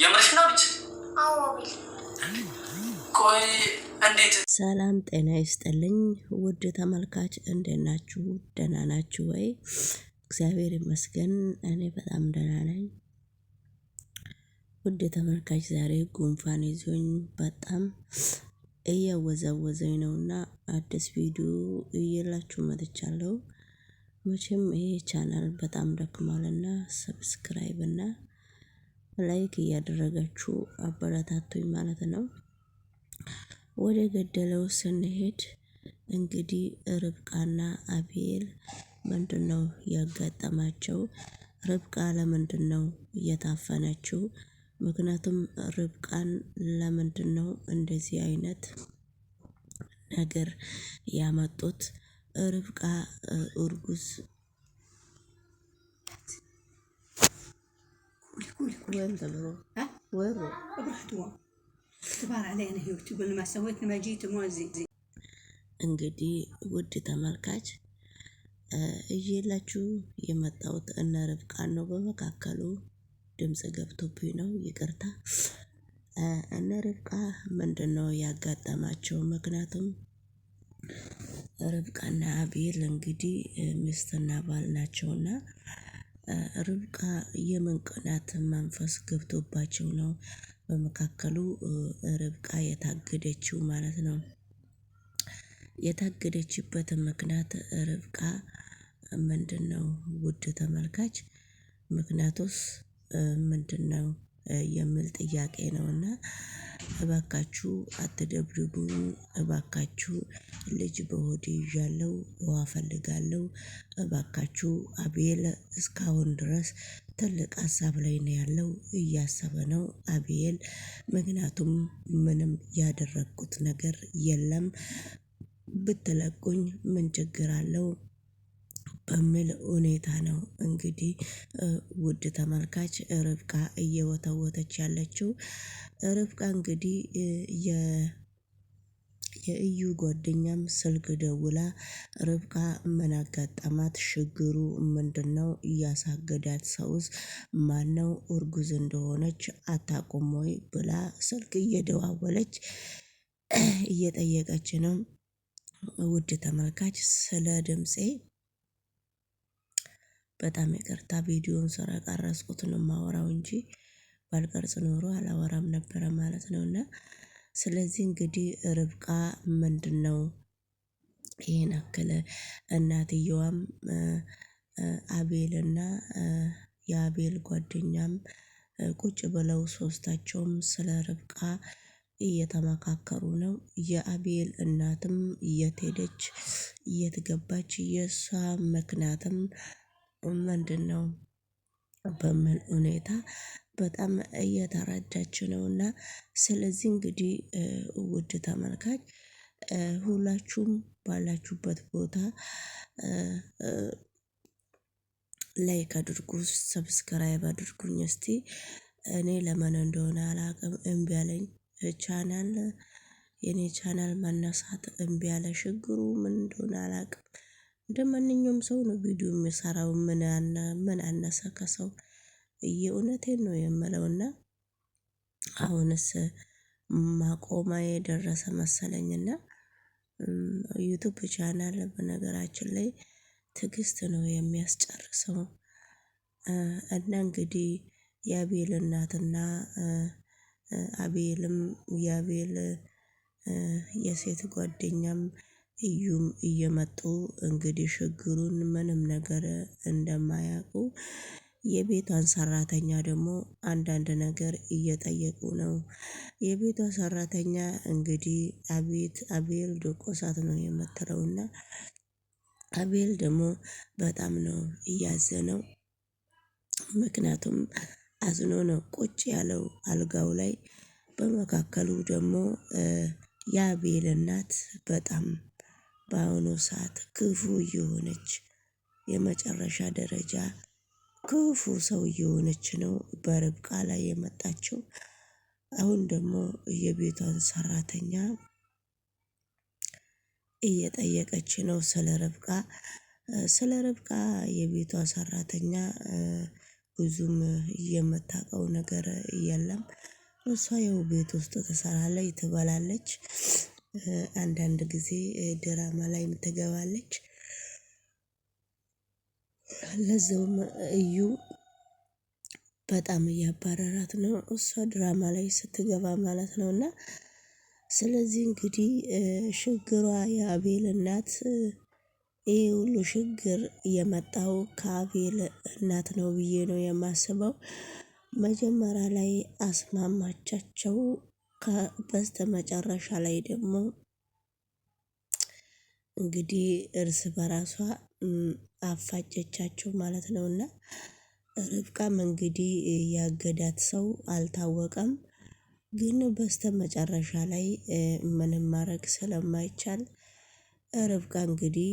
የምርሽ ነው ልጅ? አዎ። ቆይ እንዴት? ሰላም ጤና ይስጥልኝ ውድ ተመልካች፣ እንዴት ናችሁ? ደህና ናችሁ ወይ? እግዚአብሔር ይመስገን እኔ በጣም ደህና ነኝ። ውድ ተመልካች፣ ዛሬ ጉንፋን ይዞኝ በጣም እያወዛወዘኝ ነውና አዲስ ቪዲዮ እየላችሁ መጥቻለሁ። መቼም ይሄ ቻናል በጣም ደክሟልና ሰብስክራይብ እና ላይክ እያደረጋችሁ አበረታቱኝ ማለት ነው። ወደ ገደለው ስንሄድ እንግዲህ ርብቃና አቤል ምንድን ነው ያጋጠማቸው? ርብቃ ለምንድን ነው እየታፈነችው? ምክንያቱም ርብቃን ለምንድን ነው እንደዚህ አይነት ነገር ያመጡት? ርብቃ እርጉዝ እንግዲህ ውድ ተመልካች እየላችሁ የመጣሁት እነ ርብቃን ነው። በመካከሉ ድምፅ ገብቶብኝ ነው ይቅርታ። እነ ርብቃ ምንድን ነው ያጋጠማቸው? ምክንያቱም ርብቃና አቤል እንግዲህ ሚስትና ባል ናቸውና ርብቃ የመንቅናት መንፈስ ገብቶባቸው ነው በመካከሉ ርብቃ የታገደችው ማለት ነው። የታገደችበት ምክንያት ርብቃ ነው? ውድ ተመልካች ምክንያቱስ ነው የሚል ጥያቄ ነው እና? እባካችሁ አትደብድቡኝ፣ እባካችሁ ልጅ በሆዴ ይዣለው ውሃ ፈልጋለው፣ እባካችሁ አቤል እስካሁን ድረስ ትልቅ ሀሳብ ላይ ነው ያለው፣ እያሰበ ነው አቤል። ምክንያቱም ምንም ያደረግኩት ነገር የለም ብትለቁኝ ምን ችግር አለው? በሚል ሁኔታ ነው እንግዲህ ውድ ተመልካች ርብቃ እየወተወተች ያለችው። ርብቃ እንግዲህ የ የእዩ ጓደኛም ስልክ ደውላ ርብቃ ምን አጋጠማት? ችግሩ ምንድን ነው? እያሳገዳት ሰውስ ማነው? እርጉዝ እንደሆነች አታውቁም ወይ? ብላ ስልክ እየደዋወለች እየጠየቀች ነው። ውድ ተመልካች ስለ ድምፄ በጣም ይቅርታ ቪዲዮውን ቀረጽኩት ነው ማወራው እንጂ ባልቀርጽ ኖሮ አላወራም ነበረ ማለት ነው። እና ስለዚህ እንግዲህ ርብቃ ምንድነው ይህን አክል እናትየዋም አቤልና የአቤል ጓደኛም ቁጭ ብለው ሶስታቸውም ስለ ርብቃ እየተመካከሩ ነው። የአቤል እናትም የት ሄደች የት ገባች የእሷ ምክንያትም ምንድነው? በምን ሁኔታ በጣም እየተረዳች እና ስለዚህ እንግዲህ ውድ ተመልካች ሁላችሁም ባላችሁበት ቦታ ላይክ አድርጉ ሰብስክራይብ አድርጉኝ። እስቲ እኔ ለምን እንደሆነ አላቅም እምቢ አለኝ ቻናል የኔ ቻናል መነሳት እምቢ አለ ችግሩ ምን እንደሆነ አላቅም። እንደ ማንኛውም ሰው ነው ቪዲዮ የሚሰራው ምን ምን አነሰ ከሰው የእውነቴን ነው የምለውና አሁንስ ማቆማ የደረሰ መሰለኝና ዩቲዩብ ቻናል በነገራችን ላይ ትግስት ነው የሚያስጨርሰው። እና እንግዲህ የአቤል እናትና አቤልም የአቤል የሴት ጓደኛም እዩም እየመጡ እንግዲህ ችግሩን ምንም ነገር እንደማያውቁ የቤቷን ሰራተኛ ደግሞ አንዳንድ ነገር እየጠየቁ ነው። የቤቷ ሰራተኛ እንግዲህ አቤት አቤል ዶቆሳት ነው የምትለው እና አቤል ደግሞ በጣም ነው እያዘነው። ምክንያቱም አዝኖ ነው ቁጭ ያለው አልጋው ላይ በመካከሉ ደግሞ የአቤል እናት በጣም በአሁኑ ሰዓት ክፉ እየሆነች የመጨረሻ ደረጃ ክፉ ሰው እየሆነች ነው በርብቃ ላይ የመጣችው። አሁን ደግሞ የቤቷን ሰራተኛ እየጠየቀች ነው ስለ ርብቃ። ስለ ርብቃ የቤቷ ሰራተኛ ብዙም የምታውቀው ነገር የለም። እሷ ያው ቤት ውስጥ ትሰራለች፣ ትበላለች። አንዳንድ ጊዜ ድራማ ላይም ትገባለች። ለዛውም እዩ በጣም እያባረራት ነው እሷ ድራማ ላይ ስትገባ ማለት ነው። እና ስለዚህ እንግዲህ ችግሯ የአቤል እናት ይህ ሁሉ ችግር የመጣው ከአቤል እናት ነው ብዬ ነው የማስበው። መጀመሪያ ላይ አስማማቻቸው መጨረሻ ላይ ደግሞ እንግዲህ እርስ በራሷ አፋጨቻቸው ማለት ነው። እና ርብቃም እንግዲህ ያገዳት ሰው አልታወቀም። ግን በስተ መጨረሻ ላይ ምንም ማድረግ ስለማይቻል ርብቃ እንግዲህ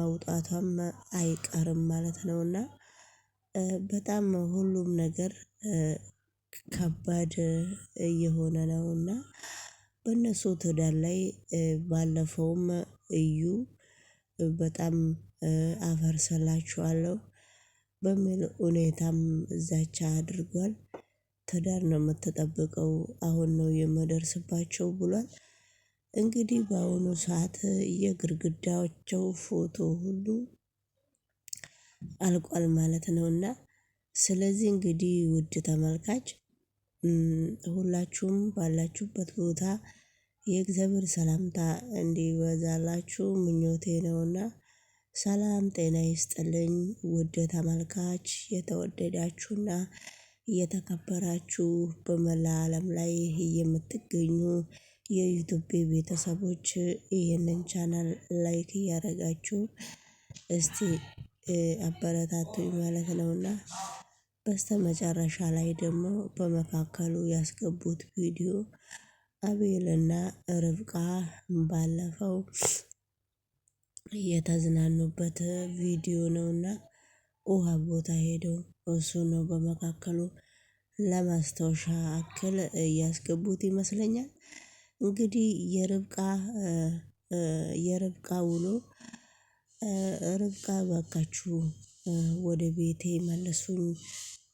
መውጣቷም አይቀርም ማለት ነውና በጣም ሁሉም ነገር ከባድ እየሆነ ነው እና በእነሱ ትዳር ላይ ባለፈውም እዩ በጣም አፈርሰላችኋለሁ በሚል ሁኔታም ዛቻ አድርጓል። ትዳር ነው የምትጠብቀው አሁን ነው የምደርስባቸው ብሏል። እንግዲህ በአሁኑ ሰዓት የግድግዳቸው ፎቶ ሁሉ አልቋል ማለት ነውና ስለዚህ እንግዲህ ውድ ተመልካች ሁላችሁም ባላችሁበት ቦታ የእግዚአብሔር ሰላምታ እንዲበዛላችሁ ምኞቴ ነውና ሰላም ጤና ይስጥልኝ። ውድ ተመልካች የተወደዳችሁና የተከበራችሁ በመላ ዓለም ላይ የምትገኙ የዩቱብ ቤተሰቦች ይህንን ቻናል ላይክ እያደረጋችሁ እስቲ አበረታቱኝ ማለት ነውና በስተመጨረሻ ላይ ደግሞ በመካከሉ ያስገቡት ቪዲዮ አቤልና ርብቃ ባለፈው የተዝናኑበት ቪዲዮ ነውና ውሃ ቦታ ሄደው እሱ ነው በመካከሉ ለማስታወሻ አክል እያስገቡት ይመስለኛል። እንግዲህ የርብቃ የርብቃ ውሎ ርብቃ እባካችሁ ወደ ቤቴ መለሱኝ።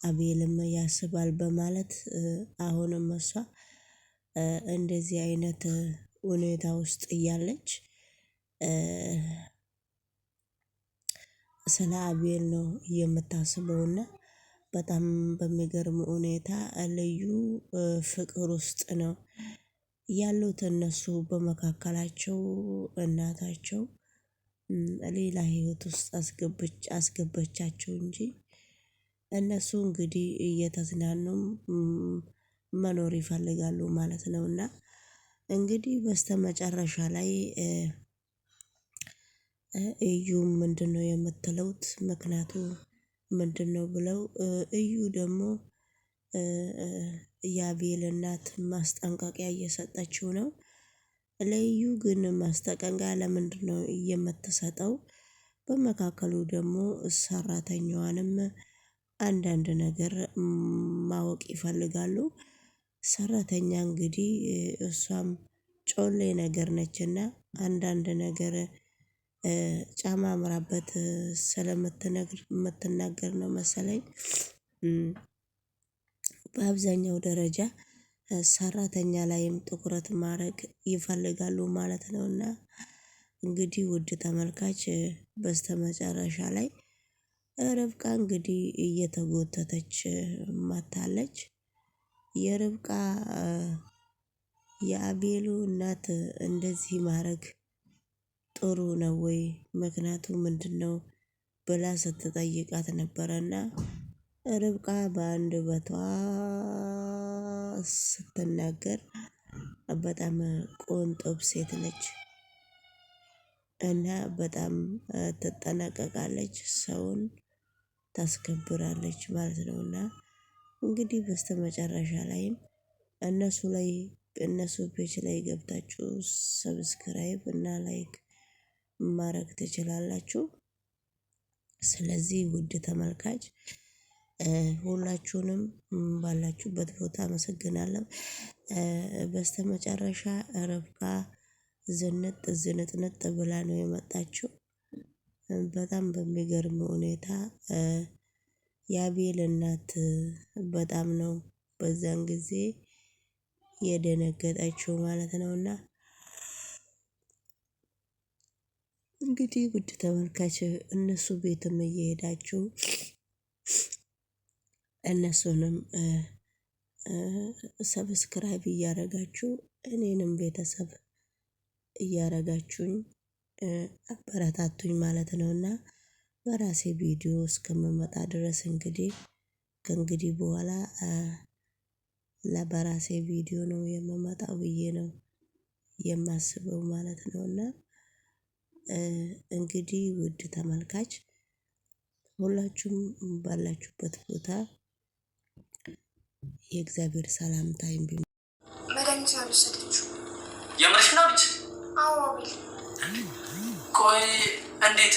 አቤልም ያስባል በማለት አሁንም እሷ እንደዚህ አይነት ሁኔታ ውስጥ እያለች ስለ አቤል ነው የምታስበውና በጣም በሚገርም ሁኔታ ልዩ ፍቅር ውስጥ ነው ያሉት እነሱ በመካከላቸው እናታቸው ሌላ ህይወት ውስጥ አስገበቻቸው እንጂ እነሱ እንግዲህ እየተዝናኑም መኖር ይፈልጋሉ ማለት ነው። እና እንግዲህ በስተመጨረሻ ላይ ምንድን ምንድነው የምትለውት ምክንያቱ ነው ብለው እዩ ደግሞ የአቤል እናት ማስጠንቀቂያ እየሰጠችው ነው። ለእዩ ግን ማስጠንቀቂያ ነው የምትሰጠው? በመካከሉ ደግሞ ሰራተኛዋንም አንዳንድ ነገር ማወቅ ይፈልጋሉ። ሰራተኛ እንግዲህ እሷም ጮሌ ነገር ነች እና አንዳንድ ነገር ጨማምራበት ስለምትነግር የምትናገር ነው መሰለኝ። በአብዛኛው ደረጃ ሰራተኛ ላይም ትኩረት ማድረግ ይፈልጋሉ ማለት እና እንግዲህ ውድ ተመልካች በስተመጨረሻ ላይ ርብቃ እንግዲህ እየተጎተተች ማታለች። የርብቃ የአቤሉ እናት እንደዚህ ማድረግ ጥሩ ነው ወይ? ምክንያቱ ምንድን ነው ብላ ስትጠይቃት ነበረና ርብቃ በአንድ በቷ ስትናገር በጣም ቆንጦብ ሴት ነች እና በጣም ትጠነቀቃለች ሰውን ታስከብራለች ማለት ነውና እንግዲህ በስተመጨረሻ ላይም እነሱ ላይ እነሱ ፔጅ ላይ ገብታችሁ ሰብስክራይብ እና ላይክ ማድረግ ትችላላችሁ። ስለዚህ ውድ ተመልካች ሁላችሁንም ባላችሁበት ቦታ አመሰግናለሁ። በስተመጨረሻ ርብቃ ዝንጥ ዝንጥንጥ ብላ ነው የመጣችው። በጣም በሚገርም ሁኔታ የአቤል እናት በጣም ነው በዛን ጊዜ የደነገጠችው ማለት ነውና። እንግዲህ ውድ ተመልካች እነሱ ቤትም እየሄዳችሁ እነሱንም ሰብስክራይብ እያረጋችሁ እኔንም ቤተሰብ እያደረጋችሁኝ አበረታቱኝ ማለት ነውና በራሴ ቪዲዮ እስከምመጣ ድረስ እንግዲህ ከእንግዲህ በኋላ ለበራሴ ቪዲዮ ነው የምመጣው ብዬ ነው የማስበው ማለት ነውና እንግዲህ ውድ ተመልካች ሁላችሁም ባላችሁበት ቦታ የእግዚአብሔር ሰላምታ ይብዛ። መድኃኒት ነው የምርሽ ነው? አዎ። ቆይ እንዴት